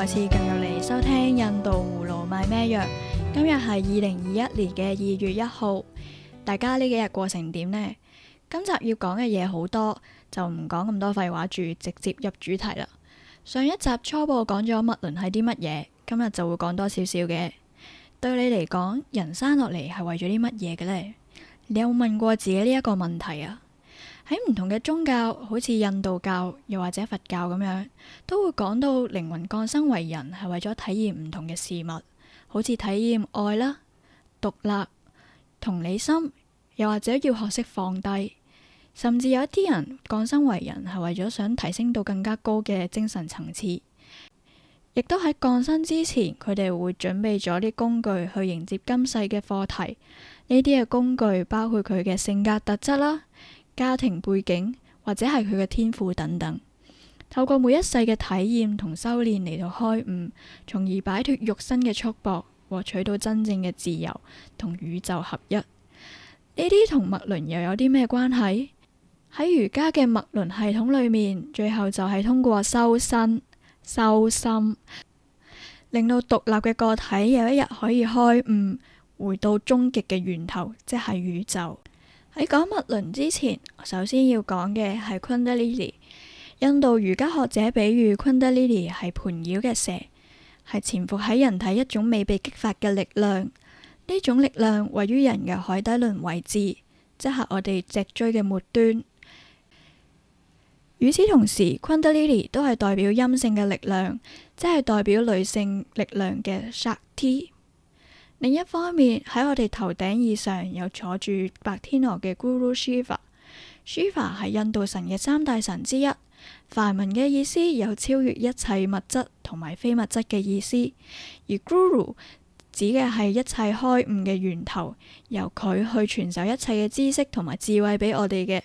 再次進入嚟收聽印度胡蘆賣咩藥？今日係二零二一年嘅二月一號，大家呢幾日過成點呢？今集要講嘅嘢好多，就唔講咁多廢話住，直接入主題啦。上一集初步講咗脈輪係啲乜嘢，今日就會講多少少嘅。對你嚟講，人生落嚟係為咗啲乜嘢嘅呢？你有冇問過自己呢一個問題啊？喺唔同嘅宗教，好似印度教又或者佛教咁樣，都會講到靈魂降生為人係為咗體驗唔同嘅事物，好似體驗愛啦、獨立、同理心，又或者要學識放低。甚至有一啲人降生為人係為咗想提升到更加高嘅精神層次，亦都喺降生之前，佢哋會準備咗啲工具去迎接今世嘅課題。呢啲嘅工具包括佢嘅性格特質啦。家庭背景或者係佢嘅天賦等等，透過每一世嘅體驗同修煉嚟到開悟，從而擺脫肉身嘅束縛，獲取到真正嘅自由同宇宙合一。呢啲同脈輪又有啲咩關係？喺瑜伽嘅脈輪系統裏面，最後就係通過修身、修心，令到獨立嘅個體有一日可以開悟，回到終極嘅源頭，即係宇宙。喺講脈輪之前，首先要講嘅係昆達利尼。印度瑜伽學者比喻昆達利尼係盤繞嘅蛇，係潛伏喺人體一種未被激發嘅力量。呢種力量位於人嘅海底輪位置，即係我哋脊椎嘅末端。與此同時，昆達利尼都係代表陰性嘅力量，即係代表女性力量嘅薩蒂。另一方面，喺我哋頭頂以上有坐住白天鵝嘅 Guru Shiva。Shiva 係印度神嘅三大神之一，梵文嘅意思有超越一切物質同埋非物質嘅意思。而 Guru 指嘅係一切開悟嘅源頭，由佢去傳授一切嘅知識同埋智慧俾我哋嘅。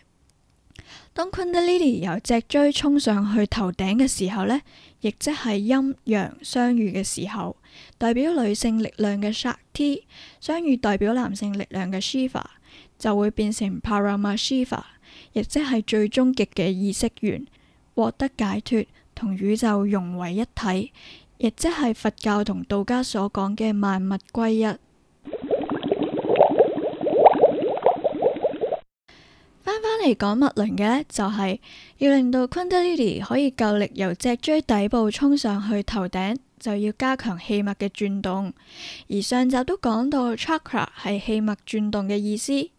當 Kundalini 由脊椎衝上去頭頂嘅時候呢，亦即係陰陽相遇嘅時候。代表女性力量嘅 Shakti 相遇代表男性力量嘅 Shiva，就會變成 Paramashiva，亦即係最終極嘅意識源，獲得解脫同宇宙融為一體，亦即係佛教同道家所講嘅萬物歸一。翻返嚟講脈輪嘅呢，就係要令到 Kundalini 可以夠力由脊椎底部衝上去頭頂。就要加強氣脈嘅轉動，而上集都講到 chakra 係氣脈轉動嘅意思。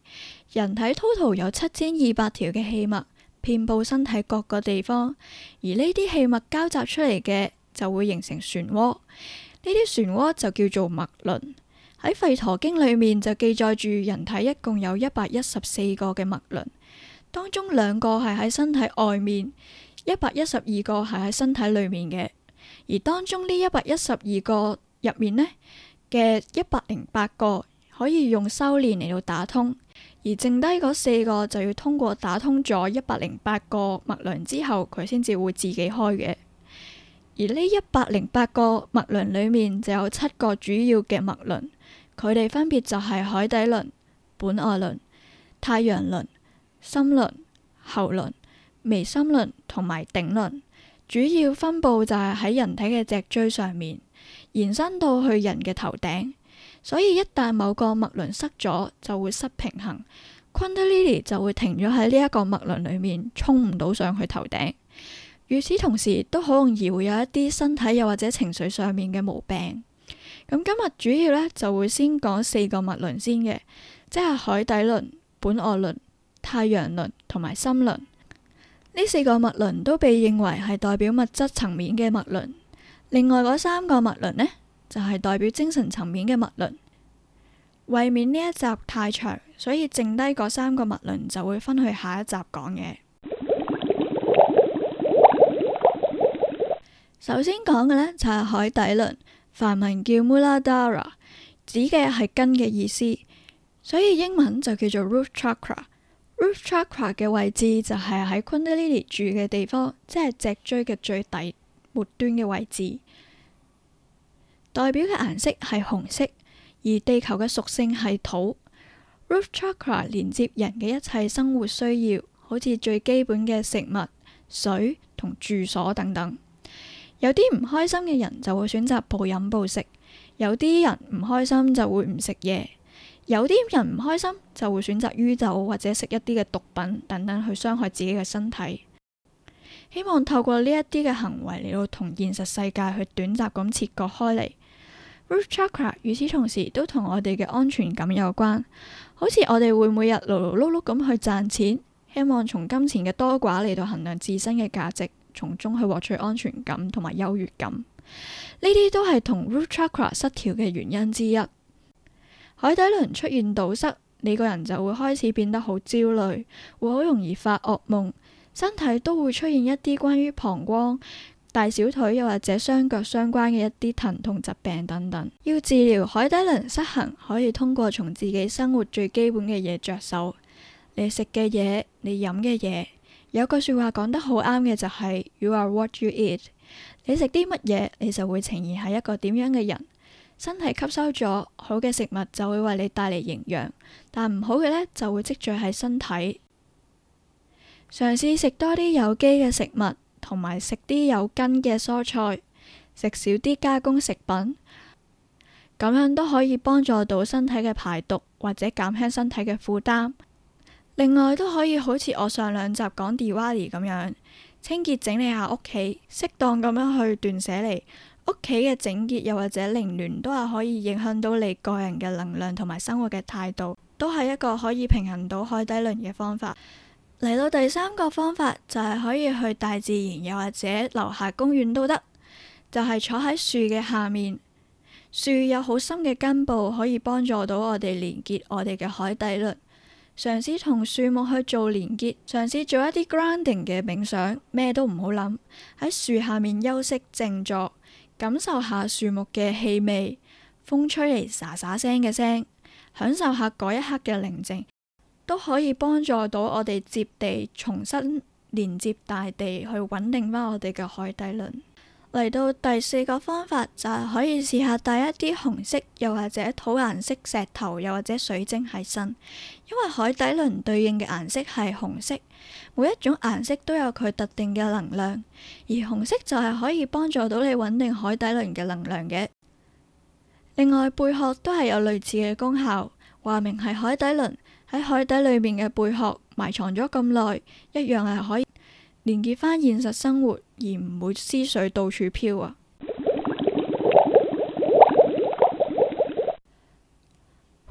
人體 total 有七千二百條嘅氣脈，遍佈身體各個地方，而呢啲氣脈交集出嚟嘅就會形成漩渦，呢啲漩渦就叫做脈輪。喺吠陀經裏面就記載住，人體一共有一百一十四個嘅脈輪，當中兩個係喺身體外面，一百一十二個係喺身體裏面嘅。而當中呢一百一十二個入面呢嘅一百零八個可以用修煉嚟到打通，而剩低嗰四個就要通過打通咗一百零八個脈輪之後，佢先至會自己開嘅。而呢一百零八個脈輪裏面就有七個主要嘅脈輪，佢哋分別就係海底輪、本我輪、太陽輪、心輪、喉輪、眉心輪同埋頂輪。主要分布就係喺人體嘅脊椎上面，延伸到去人嘅頭頂，所以一旦某個脈輪塞咗，就會失平衡，昆德利尼就會停咗喺呢一個脈輪裏面，衝唔到上去頭頂。與此同時，都好容易會有一啲身體又或者情緒上面嘅毛病。咁今日主要呢，就會先講四個脈輪先嘅，即係海底輪、本我輪、太陽輪同埋心輪。呢四個脈輪都被認為係代表物質層面嘅脈輪，另外嗰三個脈輪呢就係代表精神層面嘅脈輪。為免呢一集太長，所以剩低嗰三個脈輪就會分去下一集講嘢。 首先講嘅呢就係海底輪，梵文叫 Muladhara，指嘅係根嘅意思，所以英文就叫做 Root Chakra。Root chakra 嘅位置就係喺 Kundalini 住嘅地方，即係脊椎嘅最底末端嘅位置。代表嘅顏色係紅色，而地球嘅屬性係土。Root chakra 連接人嘅一切生活需要，好似最基本嘅食物、水同住所等等。有啲唔開心嘅人就會選擇暴飲暴食，有啲人唔開心就會唔食嘢。有啲人唔開心就會選擇酗酒或者食一啲嘅毒品等等去傷害自己嘅身體。希望透過呢一啲嘅行為嚟到同現實世界去短暫咁切割開嚟。Root chakra 與此同時都同我哋嘅安全感有關。好似我哋會每日勞勞碌碌咁去賺錢，希望從金錢嘅多寡嚟到衡量自身嘅價值，從中去獲取安全感同埋優越感。呢啲都係同 Root chakra 失調嘅原因之一。海底輪出現堵塞，你個人就會開始變得好焦慮，會好容易發噩夢，身體都會出現一啲關於膀胱、大小腿又或者雙腳相關嘅一啲疼痛疾病等等。要治療海底輪失衡，可以通過從自己生活最基本嘅嘢着手，你食嘅嘢，你飲嘅嘢。有句說話講得好啱嘅，就係 You are what you eat，你食啲乜嘢，你就會呈現係一個點樣嘅人。身體吸收咗好嘅食物就會為你帶嚟營養，但唔好嘅呢就會積聚喺身體。嘗試食多啲有機嘅食物，同埋食啲有根嘅蔬菜，食少啲加工食品，咁樣都可以幫助到身體嘅排毒或者減輕身體嘅負擔。另外都可以好似我上兩集講 Diwali 咁樣，清潔整理下屋企，適當咁樣去斷捨離。屋企嘅整潔又或者凌亂，都係可以影響到你個人嘅能量同埋生活嘅態度，都係一個可以平衡到海底輪嘅方法。嚟到第三個方法就係可以去大自然，又或者樓下公園都得，就係坐喺樹嘅下面。樹有好深嘅根部，可以幫助到我哋連結我哋嘅海底輪。嘗試同樹木去做連結，嘗試做一啲 grounding 嘅冥想，咩都唔好諗，喺樹下面休息靜坐。感受下樹木嘅氣味，風吹嚟沙沙聲嘅聲，享受下嗰一刻嘅寧靜，都可以幫助到我哋接地，重新連接大地，去穩定返我哋嘅海底輪。嚟到第四個方法就係可以試下帶一啲紅色，又或者土顏色石頭又或者水晶喺身，因為海底輪對應嘅顏色係紅色。每一種顏色都有佢特定嘅能量，而紅色就係可以幫助到你穩定海底輪嘅能量嘅。另外，貝殼都係有類似嘅功效，話明係海底輪，喺海底裏面嘅貝殼埋藏咗咁耐，一樣係可以。連結返現實生活，而唔會思緒到處飄啊。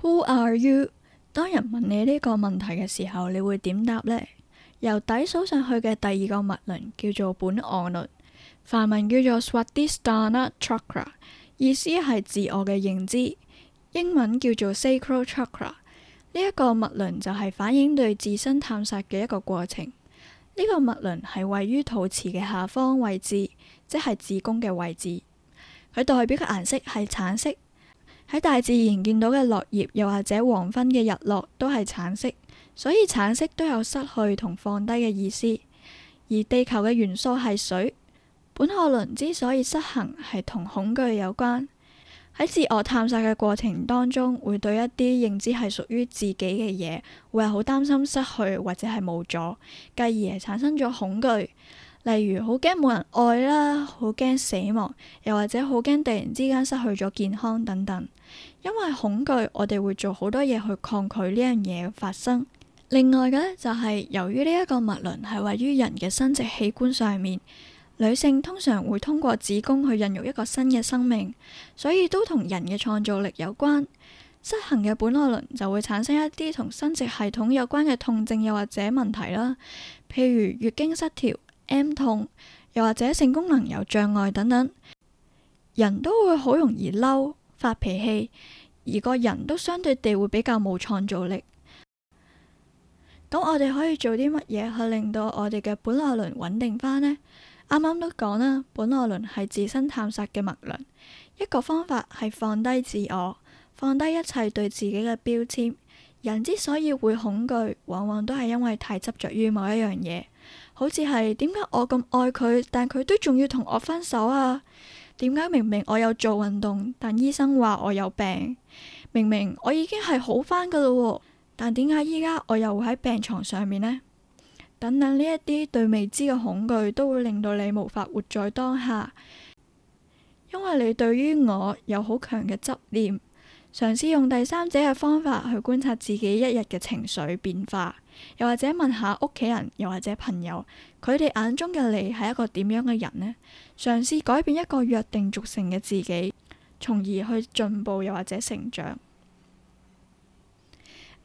Who are you？當人問你呢個問題嘅時候，你會點答呢？由底數上去嘅第二個脈輪叫做本我輪，梵文叫做 Swadhisthana Chakra，意思係自我嘅認知。英文叫做 Sacral Chakra，呢一個脈輪就係反映對自身探索嘅一個過程。呢個脈輪係位於肚臍嘅下方位置，即係子宮嘅位置。佢代表嘅顏色係橙色。喺大自然見到嘅落葉，又或者黃昏嘅日落，都係橙色。所以橙色都有失去同放低嘅意思。而地球嘅元素係水，本我輪之所以失衡，係同恐懼有關。喺自我探索嘅過程當中，會對一啲認知係屬於自己嘅嘢，會係好擔心失去或者係冇咗而嘢，產生咗恐懼。例如好驚冇人愛啦，好驚死亡，又或者好驚突然之間失去咗健康等等。因為恐懼，我哋會做好多嘢去抗拒呢樣嘢發生。另外嘅呢、就是，就係由於呢一個物輪係位於人嘅生殖器官上面。女性通常會通過子宮去孕育一個新嘅生命，所以都同人嘅創造力有關。失衡嘅本我輪就會產生一啲同生殖系統有關嘅痛症，又或者問題啦，譬如月經失調、M 痛，又或者性功能有障礙等等。人都會好容易嬲、發脾氣，而個人都相對地會比較冇創造力。咁我哋可以做啲乜嘢去令到我哋嘅本我輪穩定翻呢？啱啱都講啦，本我輪係自身探索嘅脈輪。一個方法係放低自我，放低一切對自己嘅標籤。人之所以會恐懼，往往都係因為太執着於某一樣嘢。好似係點解我咁愛佢，但佢都仲要同我分手啊？點解明明我有做運動，但醫生話我有病？明明我已經係好翻噶啦喎，但點解依家我又會喺病床上面呢？等等呢一啲對未知嘅恐懼，都會令到你無法活在當下，因為你對於我有好強嘅執念。嘗試用第三者嘅方法去觀察自己一日嘅情緒變化，又或者問下屋企人，又或者朋友，佢哋眼中嘅你係一個點樣嘅人呢？嘗試改變一個約定俗成嘅自己，從而去進步，又或者成長。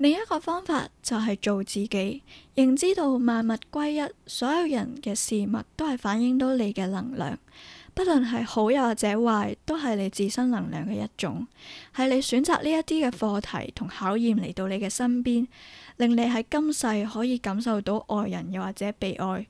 另一個方法就係做自己，認知到萬物歸一，所有人嘅事物都係反映到你嘅能量，不論係好又或者壞，都係你自身能量嘅一種，係你選擇呢一啲嘅課題同考驗嚟到你嘅身邊，令你喺今世可以感受到愛人又或者被愛，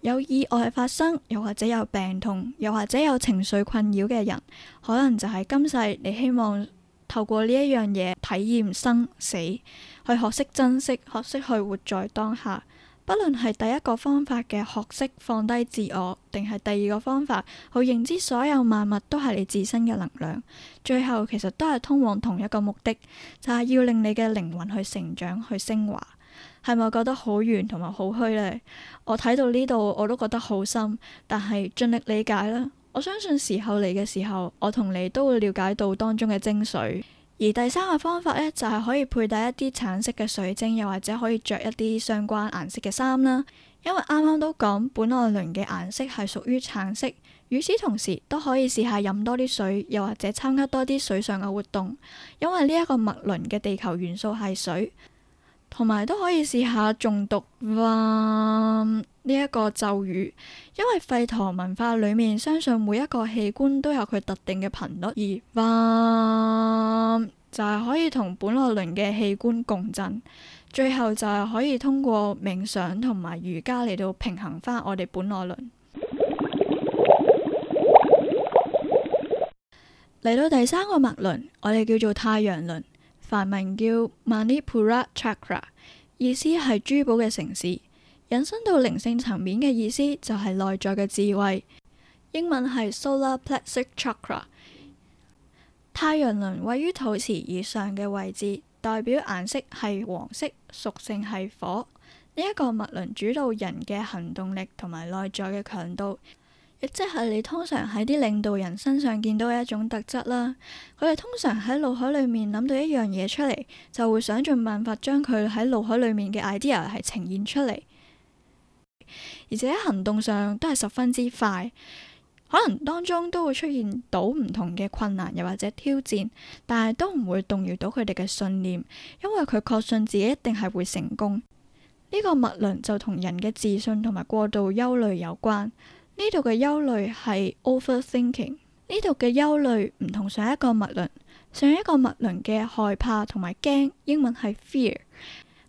有意外發生又或者有病痛又或者有情緒困擾嘅人，可能就係今世你希望。透過呢一樣嘢體驗生死，去學識珍惜，學識去活在當下。不論係第一個方法嘅學識放低自我，定係第二個方法去認知所有萬物都係你自身嘅能量。最後其實都係通往同一個目的，就係要令你嘅靈魂去成長、去升華。係咪覺得好遠同埋好虛呢？我睇到呢度我都覺得好深，但係盡力理解啦。我相信時候嚟嘅時候，我同你都會了解到當中嘅精髓。而第三個方法呢，就係、是、可以佩戴一啲橙色嘅水晶，又或者可以着一啲相關顏色嘅衫啦。因為啱啱都講本我輪嘅顏色係屬於橙色，與此同時都可以試下飲多啲水，又或者參加多啲水上嘅活動。因為呢一個脈輪嘅地球元素係水，同埋都可以試下誦讀。呃呢一個咒語，因為吠陀文化裏面相信每一個器官都有佢特定嘅頻率，而咁就係、是、可以同本我輪嘅器官共振，最後就係可以通過冥想同埋瑜伽嚟到平衡翻我哋本我輪。嚟 到第三個脈輪，我哋叫做太陽輪，梵名叫 Manipura Chakra，意思係珠寶嘅城市。引申到靈性層面嘅意思就係內在嘅智慧，英文係 Solar Plexus Chakra。太陽輪位於肚臍以上嘅位置，代表顏色係黃色，屬性係火。呢、這、一個脈輪主導人嘅行動力同埋內在嘅強度，亦即係你通常喺啲領導人身上見到嘅一種特質啦。佢哋通常喺腦海裡面諗到一樣嘢出嚟，就會想盡辦法將佢喺腦海裡面嘅 idea 係呈現出嚟。而且行動上都係十分之快，可能當中都會出現到唔同嘅困難又或者挑戰，但係都唔會動搖到佢哋嘅信念，因為佢確信自己一定係會成功。呢個脈輪就同人嘅自信同埋過度憂慮有關。呢度嘅憂慮係 overthinking。呢度嘅憂慮唔同上一個脈輪，上一個脈輪嘅害怕同埋驚，英文係 fear，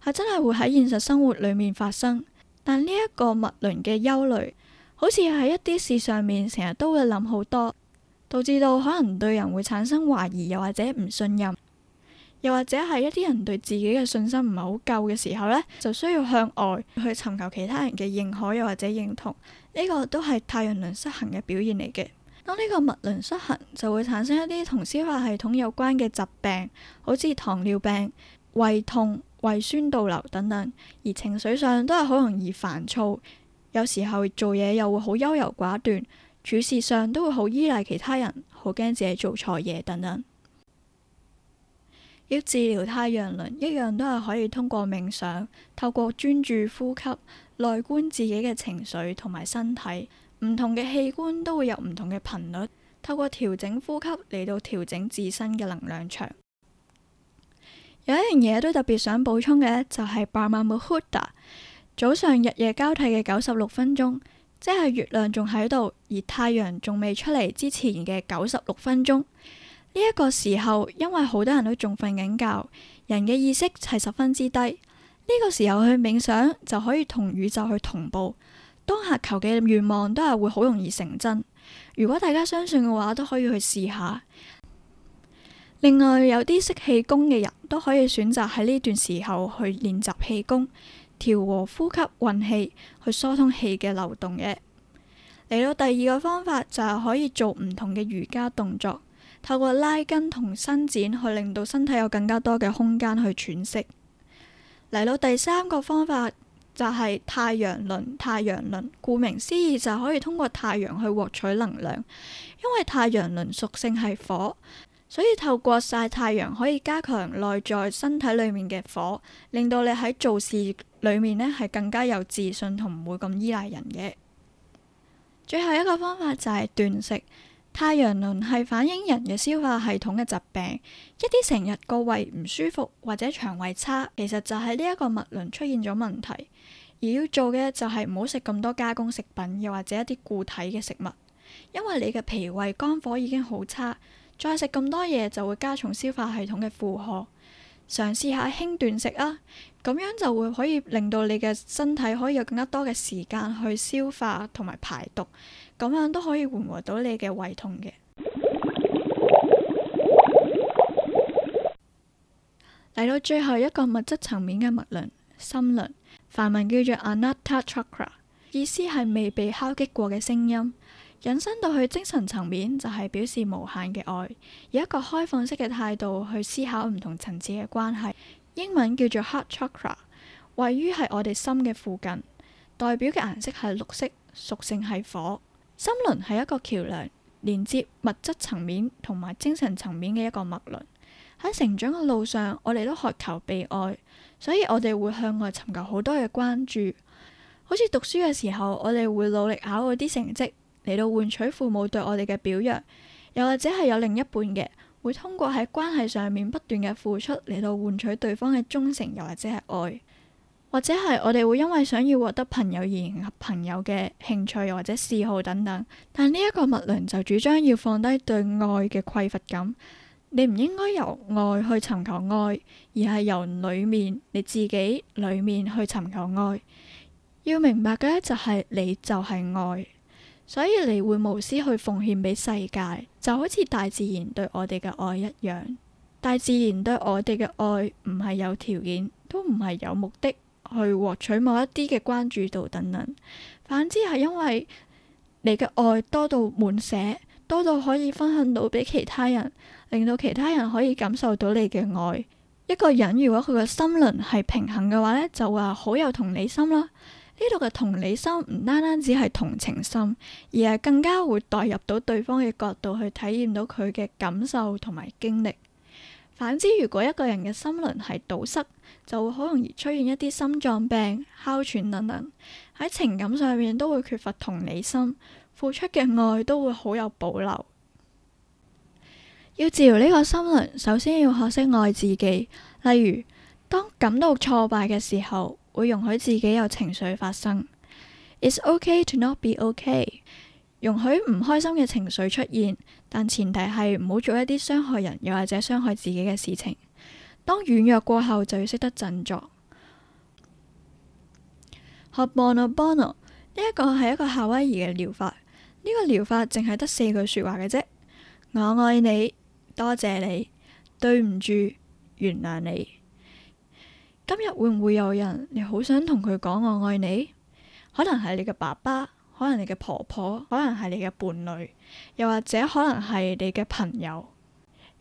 係真係會喺現實生活裏面發生。但呢一個物輪嘅憂慮，好似喺一啲事上面成日都會諗好多，導致到可能對人會產生懷疑又或者唔信任，又或者係一啲人對自己嘅信心唔係好夠嘅時候呢就需要向外去尋求其他人嘅認可又或者認同，呢個都係太陽輪失衡嘅表現嚟嘅。當呢個物輪失衡，就會產生一啲同消化系統有關嘅疾病，好似糖尿病、胃痛。胃酸倒流等等，而情緒上都係好容易煩躁，有時候做嘢又會好優柔寡斷，處事上都會好依賴其他人，好驚自己做錯嘢等等。要治療太陽輪一樣都係可以通過冥想，透過專注呼吸、內觀自己嘅情緒同埋身體，唔同嘅器官都會有唔同嘅頻率，透過調整呼吸嚟到調整自身嘅能量場。有一樣嘢都特別想補充嘅，就係 Brahma Muhurta，早上日夜交替嘅九十六分鐘，即係月亮仲喺度，而太陽仲未出嚟之前嘅九十六分鐘。呢、這、一個時候，因為好多人都仲瞓緊覺，人嘅意識係十分之低。呢、這個時候去冥想，就可以同宇宙去同步，當下求嘅願望都係會好容易成真。如果大家相信嘅話，都可以去試下。另外，有啲識氣功嘅人都可以選擇喺呢段時候去練習氣功，調和呼吸運氣，去疏通氣嘅流動嘅。嚟到第二個方法就係可以做唔同嘅瑜伽動作，透過拉筋同伸展去令到身體有更加多嘅空間去喘息。嚟到第三個方法就係太陽輪，太陽輪顧名思義就可以通過太陽去獲取能量，因為太陽輪屬性係火。所以透過曬太陽可以加強內在身體裏面嘅火，令到你喺做事裏面呢係更加有自信，同唔會咁依賴人嘅。最後一個方法就係斷食。太陽輪係反映人嘅消化系統嘅疾病，一啲成日個胃唔舒服或者腸胃差，其實就係呢一個物輪出現咗問題。而要做嘅就係唔好食咁多加工食品，又或者一啲固體嘅食物，因為你嘅脾胃肝火已經好差。再食咁多嘢就會加重消化系統嘅負荷，嘗試下輕斷食啊，咁樣就會可以令到你嘅身體可以有更加多嘅時間去消化同埋排毒，咁樣都可以緩和到你嘅胃痛嘅。嚟 到最後一個物質層面嘅物輪心輪，梵文叫做 Anahata Chakra，意思係未被敲擊過嘅聲音。引申到去精神層面，就係、是、表示無限嘅愛，以一個開放式嘅態度去思考唔同層次嘅關係。英文叫做 Heart Chakra，位於係我哋心嘅附近，代表嘅顏色係綠色，屬性係火。心輪係一個橋梁，連接物質層面同埋精神層面嘅一個脈輪。喺成長嘅路上，我哋都渴求被愛，所以我哋會向外尋求好多嘅關注。好似讀書嘅時候，我哋會努力考嗰啲成績。嚟到換取父母對我哋嘅表揚，又或者係有另一半嘅，會通過喺關係上面不斷嘅付出嚟到換取對方嘅忠誠，又或者係愛，或者係我哋會因為想要獲得朋友而迎合朋友嘅興趣，又或者嗜好等等。但呢一個脈輪就主張要放低對愛嘅匱乏感，你唔應該由愛去尋求愛，而係由裏面你自己裏面去尋求愛。要明白嘅就係你就係愛。所以你會無私去奉獻俾世界，就好似大自然對我哋嘅愛一樣。大自然對我哋嘅愛唔係有條件，都唔係有目的去獲取某一啲嘅關注度等等。反之係因為你嘅愛多到滿瀉，多到可以分享到俾其他人，令到其他人可以感受到你嘅愛。一個人如果佢嘅心輪係平衡嘅話呢，就話好有同理心啦。呢度嘅同理心唔單單只係同情心，而係更加會代入到對方嘅角度去體驗到佢嘅感受同埋經歷。反之，如果一個人嘅心輪係堵塞，就會好容易出現一啲心臟病、哮喘等等。喺情感上面都會缺乏同理心，付出嘅愛都會好有保留。要治療呢個心輪，首先要學識愛自己。例如，當感到挫敗嘅時候。會容許自己有情緒發生，It's okay to not be okay。容許唔開心嘅情緒出現，但前提係唔好做一啲傷害人又或者傷害自己嘅事情。當軟弱過後，就要識得振作。Ho'oponopono，呢一個係一個夏威夷嘅療法。呢、呢個療法淨係得四句說話嘅啫。我愛你，多謝你，對唔住，原諒你。今日會唔會有人你好想同佢講我愛你？可能係你嘅爸爸，可能你嘅婆婆，可能係你嘅伴侶，又或者可能係你嘅朋友。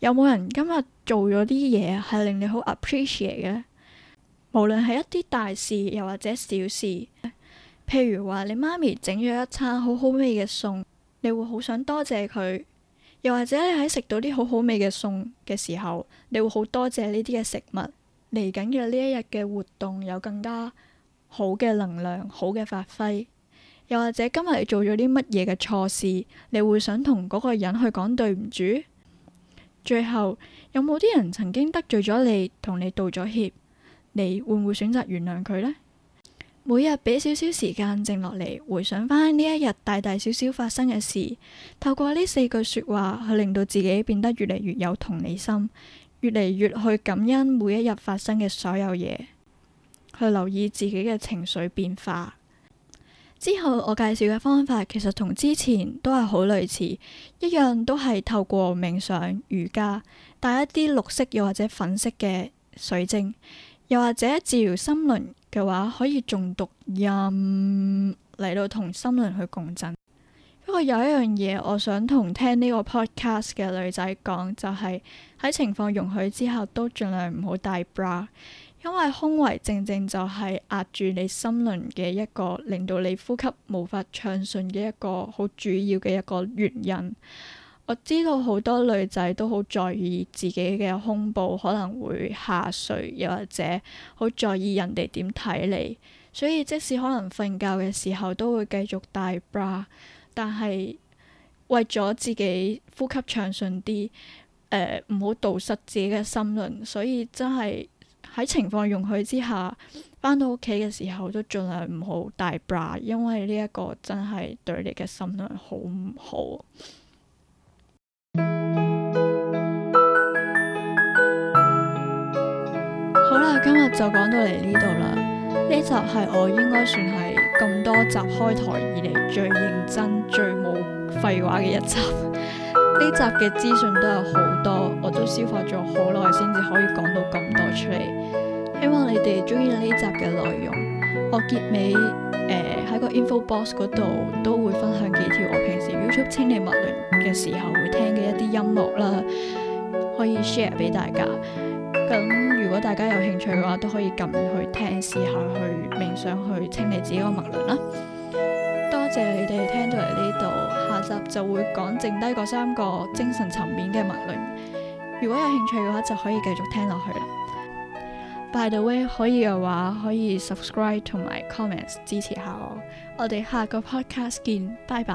有冇人今日做咗啲嘢係令你好 appreciate 嘅？無論係一啲大事，又或者小事，譬如話你媽咪整咗一餐好好味嘅餸，你會好想多謝佢；又或者你喺食到啲好好味嘅餸嘅時候，你會好多謝呢啲嘅食物。嚟緊嘅呢一日嘅活動有更加好嘅能量、好嘅發揮，又或者今日你做咗啲乜嘢嘅錯事，你會想同嗰個人去講對唔住？最後有冇啲人曾經得罪咗你，同你道咗歉，你會唔會選擇原諒佢呢？每日俾少少時間靜落嚟，回想翻呢一日大大小小發生嘅事，透過呢四句說話去令到自己變得越嚟越有同理心。越嚟越去感恩每一日發生嘅所有嘢，去留意自己嘅情緒變化。之後我介紹嘅方法其實同之前都係好類似，一樣都係透過冥想、瑜伽帶一啲綠色又或者粉色嘅水晶，又或者治療心輪嘅話，可以誦讀音嚟到同心輪去共振。不過有一樣嘢，我想同聽呢個 podcast 嘅女仔講，就係喺情況容許之後，都盡量唔好戴 bra，因為胸圍正正就係壓住你心輪嘅一個，令到你呼吸無法暢順嘅一個好主要嘅一個原因。我知道好多女仔都好在意自己嘅胸部可能會下垂，又或者好在意人哋點睇你，所以即使可能瞓覺嘅時候都會繼續戴 bra。但係為咗自己呼吸暢順啲，呃、唔好堵塞自己嘅心輪，所以真係喺情況容許之下，返到屋企嘅時候都盡量唔好大 bra，因為呢一個真係對你嘅心輪好唔好。好啦，今日就講到嚟呢度啦。呢集係我應該算係咁多集開台以嚟，最認真、最冇廢話嘅一集。呢集嘅資訊都有好多，我都消化咗好耐先至可以講到咁多出嚟。希望你哋中意呢集嘅內容。我結尾誒喺、呃、個 info box 嗰度都會分享幾條我平時 YouTube 清理脈輪嘅時候會聽嘅一啲音樂啦，可以 share 俾大家。咁。如果大家有興趣嘅話，都可以撳去聽，試下去冥想去清理自己個脈輪啦。多謝你哋聽到嚟呢度，下集就會講剩低嗰三個精神層面嘅脈輪。如果有興趣嘅話，就可以繼續聽落去啦。By the way，可以嘅話，可以 subscribe 同埋 comment s comments, 支持下我。我哋下個 podcast 見，拜拜。